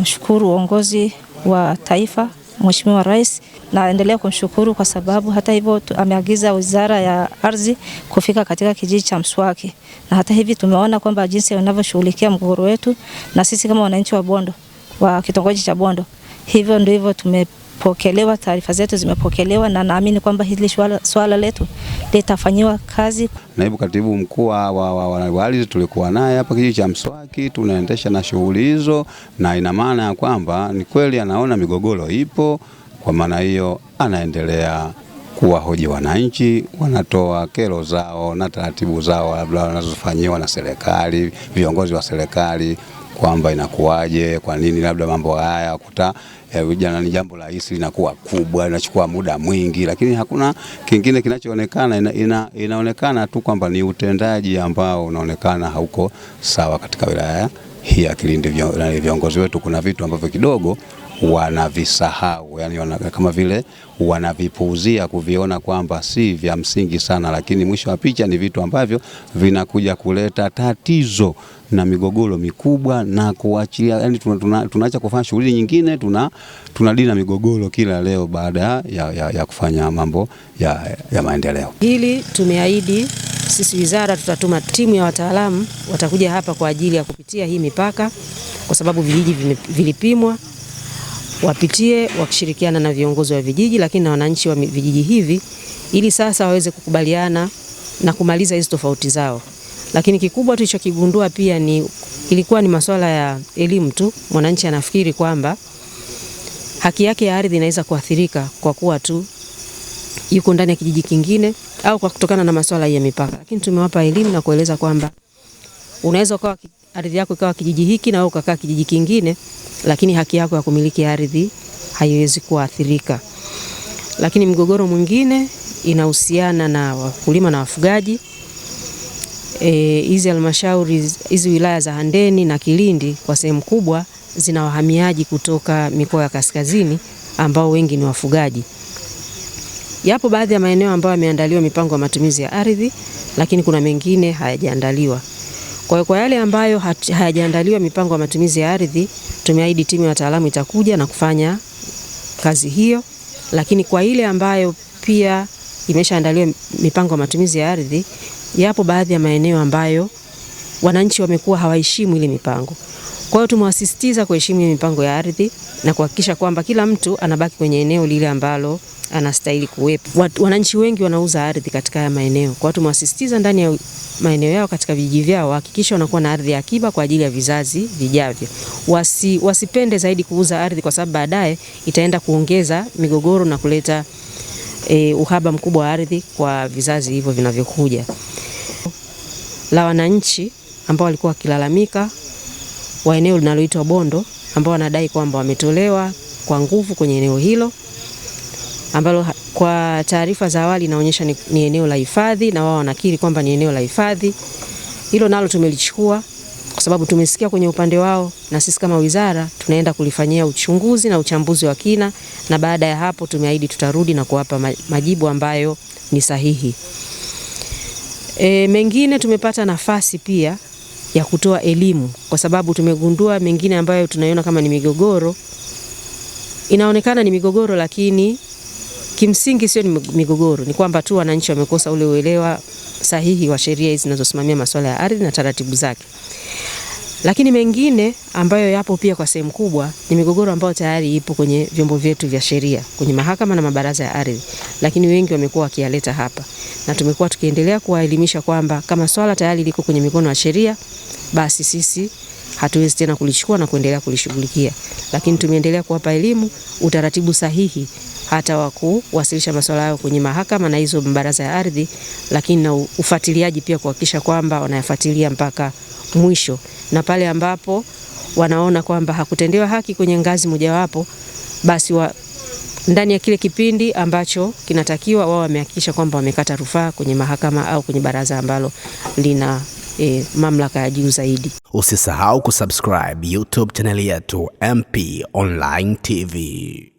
mshukuru uongozi wa taifa, Mheshimiwa Rais, naendelea kumshukuru kwa sababu hata hivyo ameagiza Wizara ya Ardhi kufika katika kijiji cha Mswaki, na hata hivi tumeona kwamba jinsi wanavyoshughulikia mgogoro wetu na sisi kama wananchi wa Bondo wa kitongoji cha Bondo, hivyo ndivyo tume zimepokelewa, taarifa zetu zimepokelewa, na naamini kwamba hili swala letu litafanyiwa kazi. Naibu katibu mkuu wa, wa, wa, wa ardhi tulikuwa naye hapa kijiji cha Mswaki, tunaendesha na shughuli hizo, na ina maana ya kwamba ni kweli anaona migogoro ipo, kwa maana hiyo anaendelea kuwahoji wananchi, wanatoa kero zao na taratibu zao labda wanazofanyiwa na serikali, viongozi wa serikali kwamba inakuwaje, kwa nini labda mambo haya kuta e, vijana ni jambo rahisi linakuwa kubwa, linachukua muda mwingi, lakini hakuna kingine kinachoonekana. Ina, ina, inaonekana tu kwamba ni utendaji ambao unaonekana hauko sawa katika wilaya hii ya Kilindi. Viongozi wetu kuna vitu ambavyo kidogo wanavisahau, yani wana, kama vile wanavipuuzia kuviona kwamba si vya msingi sana, lakini mwisho wa picha ni vitu ambavyo vinakuja kuleta tatizo na migogoro mikubwa na kuachia, yani tunaacha tuna, kufanya shughuli nyingine tuna tuna na migogoro kila leo baada ya, ya, ya kufanya mambo ya, ya maendeleo. Hili tumeahidi sisi wizara tutatuma timu ya wataalamu watakuja hapa kwa ajili ya kupitia hii mipaka, kwa sababu vijiji vilipimwa wapitie wakishirikiana na viongozi wa vijiji, lakini na wananchi wa vijiji hivi, ili sasa waweze kukubaliana na kumaliza hizo tofauti zao. Lakini kikubwa tulichokigundua pia ni ilikuwa ni masuala ya elimu tu. Mwananchi anafikiri kwamba haki yake ya ardhi inaweza kuathirika kwa kuwa tu yuko ndani ya kijiji kingine au kwa kutokana na masuala ya mipaka, lakini tumewapa elimu na kueleza kwamba unaweza ukawa ardhi yako ikawa kijiji hiki na wewe ukakaa kijiji kingine lakini haki yako ya kumiliki ardhi haiwezi kuathirika. Lakini mgogoro mwingine inahusiana na wakulima na wafugaji. E, hizi e, halmashauri hizi wilaya za Handeni na Kilindi kwa sehemu kubwa zina wahamiaji kutoka mikoa ya kaskazini ambao wengi ni wafugaji. Yapo baadhi ya maeneo ambayo yameandaliwa mipango ya matumizi ya ardhi, lakini kuna mengine hayajaandaliwa. Kwa hiyo kwa yale ambayo hayajaandaliwa mipango ya matumizi ya ardhi, tumeahidi timu ya wataalamu itakuja na kufanya kazi hiyo, lakini kwa ile ambayo pia imeshaandaliwa mipango ya matumizi ya ardhi, yapo baadhi ya maeneo ambayo wananchi wamekuwa hawaheshimu ile mipango. Kwa hiyo tumewasisitiza kuheshimu mipango ya ardhi na kuhakikisha kwamba kila mtu anabaki kwenye eneo lile ambalo anastahili kuwepo. Wananchi wengi wanauza ardhi katika haya maeneo, kwa hiyo tumewasisitiza ndani ya maeneo yao katika vijiji vyao hakikisha wanakuwa na ardhi ya akiba kwa ajili ya vizazi vijavyo. Wasi, wasipende zaidi kuuza ardhi kwa sababu baadaye itaenda kuongeza migogoro na kuleta eh, uhaba mkubwa wa ardhi kwa vizazi hivyo vinavyokuja. La wananchi ambao walikuwa wakilalamika wa eneo linaloitwa Bondo ambao wanadai kwamba wametolewa kwa nguvu kwenye eneo hilo ambalo kwa taarifa za awali inaonyesha ni, ni eneo la hifadhi na wao wanakiri kwamba ni eneo la hifadhi. Hilo nalo tumelichukua kwa sababu tumesikia kwenye upande wao, na sisi kama wizara tunaenda kulifanyia uchunguzi na uchambuzi wa kina, na baada ya hapo tumeahidi tutarudi na kuwapa majibu ambayo ni sahihi. E, mengine tumepata nafasi pia ya kutoa elimu, kwa sababu tumegundua mengine ambayo tunaiona kama ni migogoro, inaonekana ni migogoro, lakini kimsingi sio ni migogoro, ni kwamba tu wananchi wamekosa ule uelewa sahihi wa sheria hizi zinazosimamia masuala ya ardhi na taratibu zake. Lakini mengine ambayo yapo pia kwa sehemu kubwa ni migogoro ambayo tayari ipo kwenye vyombo vyetu vya sheria, kwenye mahakama na mabaraza ya ardhi, lakini wengi wamekuwa wakiyaleta hapa na tumekuwa tukiendelea kuwaelimisha kwamba kama swala tayari liko kwenye mikono ya sheria, basi sisi hatuwezi tena kulichukua na kuendelea kulishughulikia, lakini tumeendelea kuwapa elimu utaratibu sahihi hata wa kuwasilisha masuala yao kwenye mahakama na hizo mbaraza ya ardhi, lakini na ufuatiliaji pia kuhakikisha kwamba wanayafuatilia mpaka mwisho, na pale ambapo wanaona kwamba hakutendewa haki kwenye ngazi mojawapo basi wa ndani ya kile kipindi ambacho kinatakiwa, wao wamehakikisha kwamba wamekata rufaa kwenye mahakama au kwenye baraza ambalo lina e, mamlaka ya juu zaidi. Usisahau kusubscribe YouTube chaneli yetu MP Online TV.